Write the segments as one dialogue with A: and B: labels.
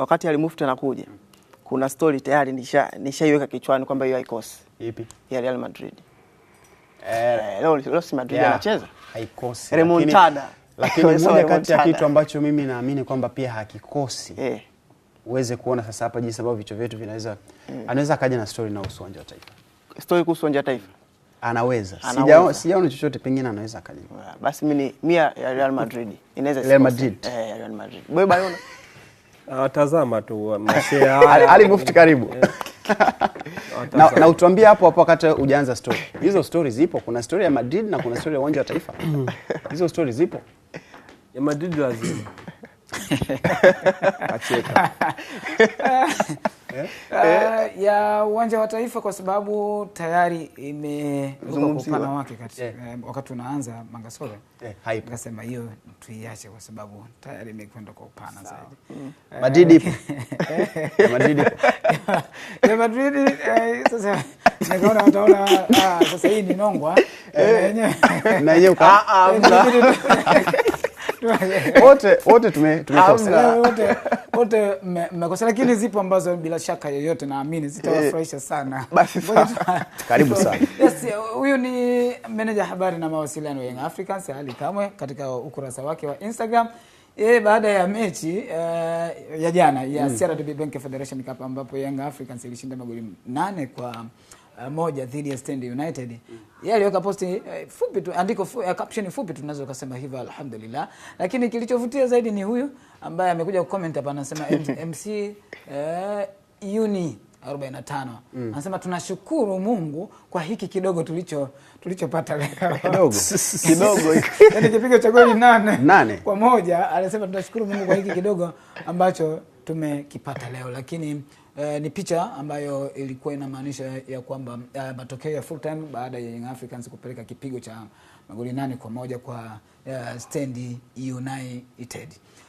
A: wakati alimufta na kuja, kuna story tayari nishaiweka nisha kichwani kwamba hiyo haikosi. Ipi? Ya Real Madrid. Eh, eh leo leo si Madrid anacheza.
B: Haikosi.
A: Remontada.
B: Lakini moja kati ya kitu ambacho mimi naamini kwamba pia hakikosi. Eh. Uweze kuona sasa hapa jinsi ambavyo vichwa vyetu vinaweza mm. Anaweza akaja na story na uwanja wa taifa.
A: Story kuhusu uwanja wa taifa.
B: Anaweza. Sijaona sijaona chochote pengine anaweza akaja.
A: Basi mimi ni mia ya Real Madrid. Inaweza.
B: Real Madrid.
A: Eh, Real Madrid. Wewe Bayona.
B: Watazama tu uh,
A: Ali Mufti, karibu
B: na, na utuambie hapo hapo wakati ujaanza story. Hizo story zipo, kuna story ya Madrid na kuna story ya uwanja wa Taifa. Mm. Hizo story zipo,
A: ya Madrid lazima acheka Uh, ya uwanja wa Taifa kwa sababu tayari imeruka upana wake kati, yeah. Eh, wakati tunaanza Mangasole yeah, nikasema hiyo tuiache kwa sababu tayari imekwenda kwa upana zaidi. mm.
B: Eh, Madrid Madrid
A: ya Madrid eh, sasa nikaona wataona ah, sasa hii ni nongwa eh,
B: na yeye ah ah wote wote tume
A: tumekosa wote wote mmekosa, lakini zipo ambazo bila shaka yoyote naamini zitawafurahisha eh, sana. karibu sana. Yes, huyu ni meneja habari na mawasiliano Young Africans hali Kamwe katika ukurasa wake wa Instagram yeye baada ya mechi uh, ya jana ya mm. CRDB Bank Federation Cup ambapo Young Africans ilishinda magoli nane kwa Eh, moja dhidi ya Stand United mm. Yeye aliweka posti uh, fupi tu andiko fu, uh, caption fupi tu tunaweza kusema hivyo alhamdulillah, lakini kilichovutia zaidi ni huyu ambaye amekuja kucomment hapa, anasema MC uh, uni 45 anasema mm. tunashukuru Mungu kwa hiki kidogo tulicho tulichopata leo kidogo kidogo, yani kipiga cha goli nane nane kwa moja. Anasema tunashukuru Mungu kwa hiki kidogo ambacho tumekipata leo, lakini eh, ni picha ambayo ilikuwa inamaanisha ya kwamba eh, matokeo ya full time baada ya Young Africans kupeleka kipigo cha magoli nane kwa moja kwa eh, Stand United.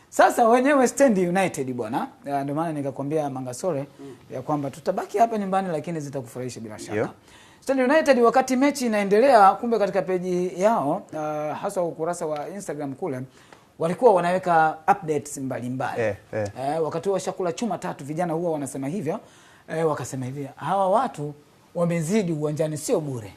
A: Sasa wenyewe Stand United bwana, eh, ndio maana nikakwambia Mangasore mm. ya kwamba tutabaki hapa nyumbani, lakini zitakufurahisha bila shaka Stand United wakati mechi inaendelea, kumbe katika peji yao uh, eh, haswa ukurasa wa Instagram kule walikuwa wanaweka updates mbalimbali
B: eh, eh. Eh,
A: wakati huo washakula chuma tatu, vijana huwa wanasema hivyo eh, wakasema hivi hawa watu wamezidi uwanjani, sio bure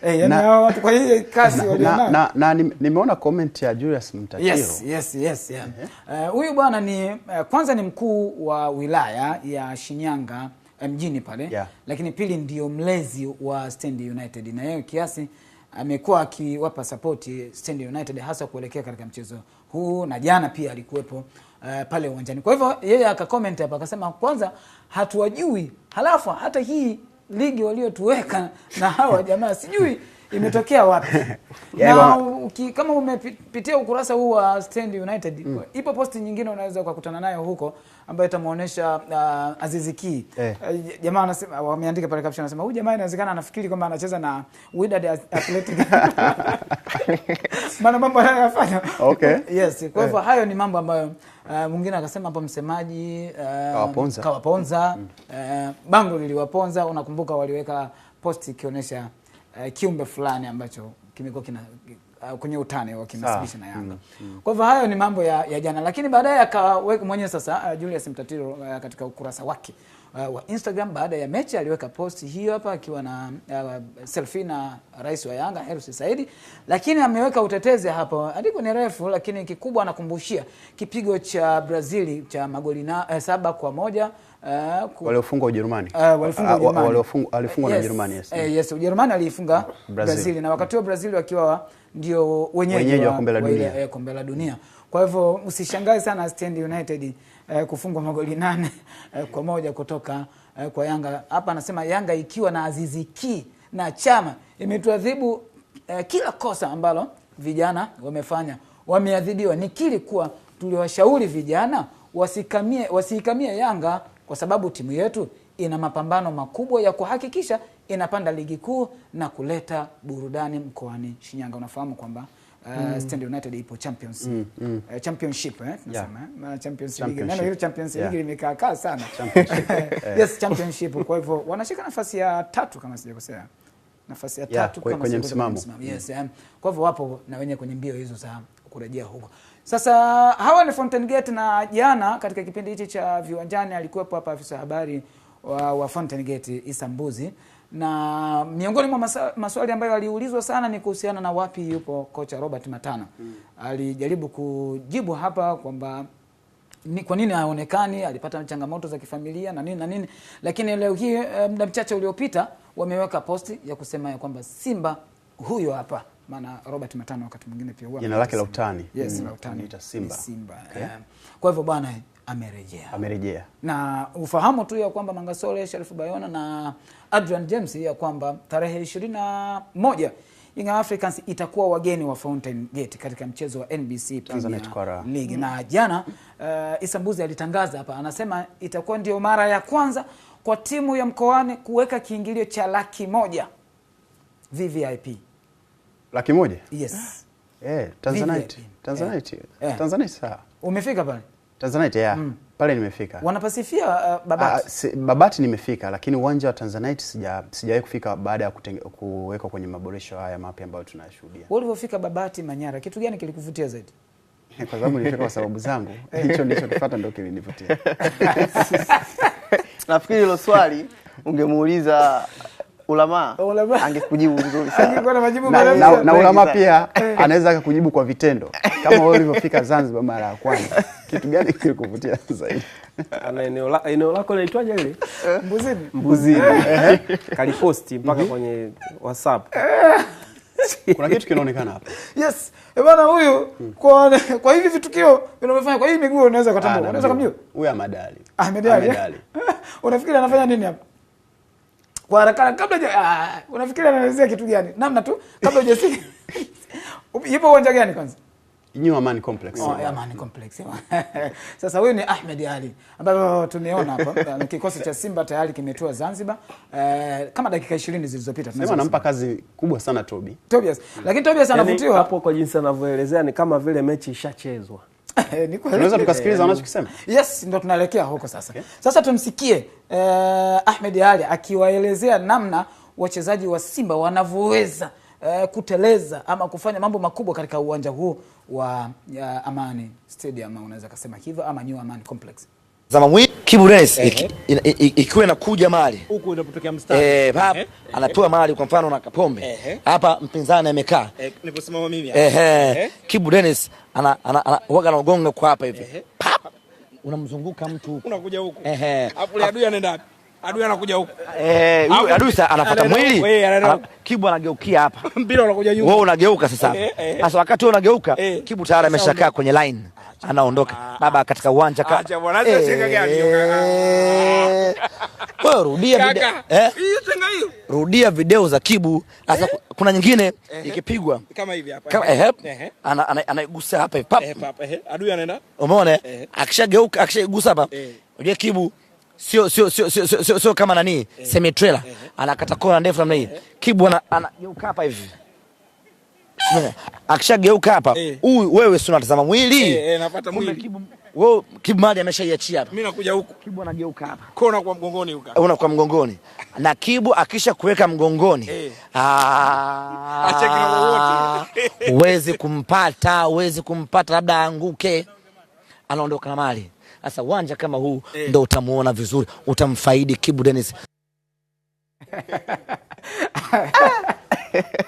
A: hey, eh, yani na, watu kwa hii kasi na, na,
B: na, na nimeona comment ya Julius Mtatiro.
A: Yes, yes, yes, yeah. Mhm. Eh, huyu uh -huh. bwana ni uh, kwanza ni mkuu wa wilaya ya Shinyanga mjini pale yeah. Lakini pili ndio mlezi wa Stand United na yeye kiasi amekuwa akiwapa sapoti Stand United hasa kuelekea katika mchezo huu, na jana pia alikuwepo uh, pale uwanjani. Kwa hivyo yeye akakomenti hapa akasema, kwanza hatuwajui, halafu hata hii ligi waliotuweka na hawa jamaa sijui imetokea wapi? yeah, na yaani uki, kama umepitia ukurasa huu wa Stand United mm. ipo posti nyingine unaweza ukakutana nayo huko ambayo itamwonyesha uh, Azizi Ki eh. Uh, jamaa anasema wameandika pale caption, anasema huyu jamaa inawezekana anafikiri kwamba anacheza na Wydad Athletic maana mambo anayofanya okay. Yes, kwa hivyo eh. hayo ni mambo ambayo Uh, mwingine akasema hapo msemaji
B: uh, kawaponza,
A: kawaponza. Mm. Uh, bango liliwaponza. Unakumbuka waliweka posti ikionyesha uh, kiumbe fulani ambacho kimekuwa kina uh, kwenye utani wa kinasibisha na Yanga. Mm, mm. Kwa hivyo hayo ni mambo ya, ya jana, lakini baadaye akaweka mwenyewe sasa uh, Julius Mtatiro uh, katika ukurasa wake uh, wa Instagram baada ya mechi aliweka post hiyo hapa akiwa na uh, selfie na rais wa Yanga Hersi Saidi, lakini ameweka utetezi hapo, andiko ni refu, lakini kikubwa anakumbushia kipigo cha brazil cha magoli na, eh, saba kwa moja
B: Uh, ku... waliofungwa Ujerumani
A: ah, ah,
B: alifungwa na Ujerumani yes.
A: Yes. Uh, yes. Ujerumani aliifunga Brazil. Brazil na wakati huo Brazil wakiwa ndio wenyeji
B: wenyeji wa kombe la dunia,
A: eh, kombe la dunia. Kwa hivyo usishangae sana Stand United eh, kufungwa magoli nane eh, kwa moja kutoka eh, kwa Yanga. Hapa anasema Yanga ikiwa na Azizi Ki na Chama imetuadhibu eh, kila kosa ambalo vijana wamefanya, wameadhibiwa. Nikiri kuwa tuliwashauri vijana wasikamie wasiikamie Yanga kwa sababu timu yetu ina mapambano makubwa ya kuhakikisha inapanda ligi kuu na kuleta burudani mkoani Shinyanga. Unafahamu kwamba uh, mm. Stand United ipo Champions mm, mm. Uh, championship eh, tunasema yeah. uh, Champions League neno hilo Champions League yeah. limekaa kaa sana championship. yes, championship. Kwa hivyo wanashika nafasi ya tatu kama sijakosea nafasi ya tatu
B: yeah, kama kwenye msimamo
A: yes, mm. um, kwa hivyo wapo na wenye kwenye mbio hizo za kurejea huko. Sasa hawa ni Fountain Gate, na jana katika kipindi hichi cha viwanjani alikuwepo hapa afisa habari wa, wa Fountain Gate Isa Mbuzi, na miongoni mwa maswali ambayo aliulizwa sana ni kuhusiana na wapi yupo kocha Robert matano hmm. Alijaribu kujibu hapa kwamba ni kwa nini haonekani, alipata changamoto za kifamilia na nini na nini, lakini leo hii eh, muda mchache uliopita wameweka posti ya kusema ya kwamba Simba huyo hapa maana Robert Matano wakati mwingine pia huwa
B: jina lake la utani
A: yes, mm, la utani ni Simba, Simba. Okay. Yeah. kwa hivyo bwana amerejea amerejea, na ufahamu tu ya kwamba Mangasole, Sharifu Bayona na Adrian James ya kwamba tarehe 21 na Young Africans itakuwa wageni wa Fountain Gate katika mchezo wa NBC Premier League. Mm. Na jana uh, eh, Isambuzi alitangaza hapa, anasema itakuwa ndio mara ya kwanza kwa timu ya mkoani kuweka kiingilio cha laki moja VVIP laki moja? Yes.
B: Eh, eh Tanzanite. Tanzanite. Eh, eh. Tanzanite sawa. Umefika pale? Tanzanite ya. Mm. Pale nimefika.
A: Wanapasifia uh, Babati. Ah,
B: si, Babati nimefika lakini uwanja wa Tanzanite sija sijawahi kufika baada ya kuwekwa kwenye maboresho haya mapya ambayo tunayashuhudia.
A: Wewe ulipofika Babati Manyara, kitu gani kilikuvutia zaidi?
B: kwa sababu nilifika kwa sababu zangu, hicho ndicho ndo ndio kilinivutia.
C: Nafikiri hilo swali ungemuuliza ulama angekujibu vizuri
A: sana
B: na ulama pia eh. anaweza akakujibu kwa vitendo kama wewe ulivyofika Zanzibar mara ya kwanza, kitu gani kilikuvutia zaidi?
C: Ana eneo la eneo lako linaitwaje ile Mbuzini, Mbuzini eh. Eh. kaliposti mpaka mhm. kwenye WhatsApp
B: kuna kitu kinaonekana hapa.
A: Yes, e bana huyu hmm. Kwa kwa hivi vitukio vinavyofanya kwa hii miguu unaweza kutambua. Ah, unaweza kumjua?
B: Huyu amadali.
A: Ah, amedali. Unafikiri anafanya nini hapa? kwa haraka kabla ja, ah, unafikiri anaelezea kitu gani? Namna tu kabla hujasikia ipo uwanja gani kwanza?
B: New Amani Complex.
A: Oh, yeah, Amani Complex. Sasa huyu ni Ahmed Ali ambaye tumeona hapa um, kikosi cha Simba tayari kimetua Zanzibar eh, kama dakika 20 zilizopita.
B: Sema anampa kazi kubwa sana Toby.
A: Tobias. Lakini Tobias yaani anavutiwa
B: hapo kwa jinsi anavyoelezea ni kama vile mechi ishachezwa. Tunaweza tukasikiliza wanachokisema.
A: Yes, ndo tunaelekea huko sasa. Okay. Sasa tumsikie uh, Ahmed Ally akiwaelezea namna wachezaji wa Simba wanavyoweza uh, kuteleza ama kufanya mambo makubwa katika uwanja huu wa uh, Amani Stadium unaweza kusema hivyo ama New Amani Complex.
C: Zama mwi Kibu Dennis ikiwa inakuja mali
A: huku inapotokea mstari
C: eh, hapa anapewa mali kwa mfano na Kapombe hapa, mpinzani amekaa
A: eh, niliposimama mimi
C: eh, Kibu Dennis ana ana waga na ugonga kwa hapa hivi,
A: unamzunguka mtu huko, unakuja huko
C: eh, eh hapo adui anaenda wapi? Adui anakuja huko eh, huyu adui sasa anafuata mwili, eh, Kibu anageukia hapa,
A: mpira unakuja nyuma,
C: wewe unageuka sasa. Sasa wakati wewe unageuka, eh. Kibu tayari ameshakaa kwenye line anaondoka ah, ah. baba katika uwanja ka eh. wewe rudia
A: video eh,
C: rudia video za Kibu. Sasa eh? kuna nyingine ikipigwa kama hivi hapa kama eh, ana anaigusa hapa hapa adui anaenda, umeona, akishageuka akishagusa hapa, eh. unajua Kibu sio sio sio sio sio kama nani semi trailer, anakata kona ndefu namna hii. Kibu anageuka hapa hivi akishageuka hapa eh. huyu e. wewe si unatazama mwili
A: e, e, napata mwili
C: kibu, wewe kibu mali ameshaiachia hapa,
A: mimi nakuja huku,
C: kibu anageuka hapa, kwa mgongoni huko, kwa mgongoni na kibu akisha kuweka mgongoni
A: ah,
C: e. uwezi kumpata, uwezi kumpata, labda anguke, anaondoka na mali. Sasa uwanja kama huu e. ndo utamuona vizuri, utamfaidi Kibu Dennis.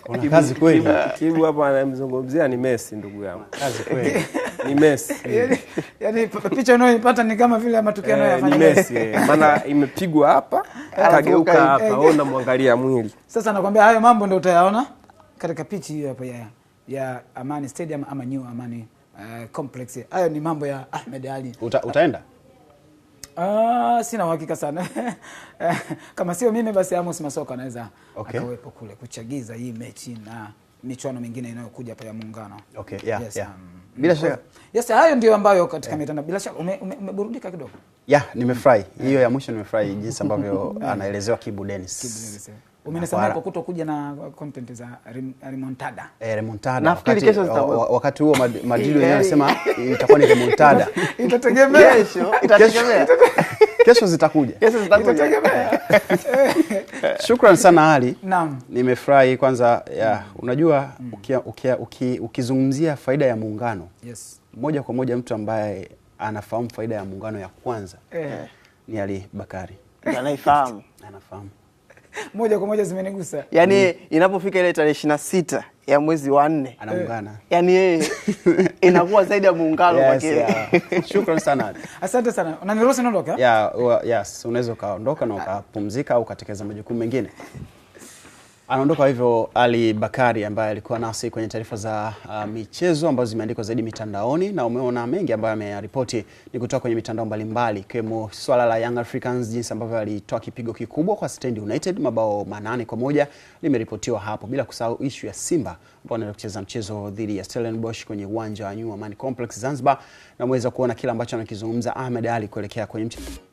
B: Kuna kazi kweli.
C: Kibu hapa anamzungumzia ni Messi, ndugu yangu,
B: kazi kweli
C: ni Messi. Yaani,
A: yaani picha unayoipata ni kama vile matukio anayofanya
B: eh, ni Messi, eh. maana imepigwa hapa akageuka hapa, eh, wewe unamwangalia mwili.
A: Sasa nakwambia hayo mambo ndio utayaona katika pichi hiyo hapa ya ya Amani Stadium ama New Amani uh, Complex. Hayo ni mambo ya Ahmed Ali.
B: Uta, utaenda?
A: Ah, sina uhakika sana kama sio mimi basi Amos Masoko anaweza okay, akawepo kule kuchagiza hii mechi na michuano mingine inayokuja pale ya muungano.
B: Okay, yeah, yes, yeah. Um, bila shaka.
A: Yes, hayo ndio ambayo katika yeah, mitandao bila shaka umeburudika ume kidogo.
B: Yeah, nimefurahi. Eh. Hiyo ya mwisho nimefurahi jinsi ambavyo anaelezewa Kibu Dennis. Kibu Dennis
A: umenisamehe kwa kutokuja na content za remontada. Eh, remontada. Nafikiri kesho zitakuwa.
B: Wakati huo madili wenyewe eh. anasema itakuwa ni remontada.
A: Itategemea kesho,
B: itategemea. Kesho zitakuja.
A: Kesho zitakuja. Itategemea.
B: Shukran sana Ali. Naam. Nimefurahi kwanza ya, mm. unajua mm. ukia, ukia, uki, ukizungumzia faida ya muungano. Yes. Moja kwa moja mtu ambaye anafahamu faida ya muungano ya kwanza eh, ni Ali Bakari.
C: Anaifahamu.
B: Anafahamu.
A: moja kwa moja zimenigusa
C: yani, mm. inapofika ile tarehe ishirini na sita ya mwezi wa nne anaungana, eh, yani yeye inakuwa zaidi ya muungano yes, yeah.
B: Shukrani sana,
A: asante sana. Unaniruhusu niondoke?
B: Yeah, yes, unaweza ukaondoka na ukapumzika au ukatekeleza majukumu mengine. Anaondoka hivyo Ali Bakari ambaye alikuwa nasi kwenye taarifa za uh, michezo ambazo zimeandikwa zaidi mitandaoni, na umeona mengi ambayo ameyaripoti ni kutoka kwenye mitandao mbalimbali, ikiwemo swala la Young Africans jinsi ambavyo alitoa kipigo kikubwa kwa Stand United, mabao manane kwa moja limeripotiwa hapo, bila kusahau ishu ya Simba ambao wanaenda kucheza mchezo dhidi ya Stellenbosch kwenye uwanja wa New Amaan Complex Zanzibar, na umeweza kuona kile ambacho anakizungumza Ahmed Ali kuelekea kwenye mchezo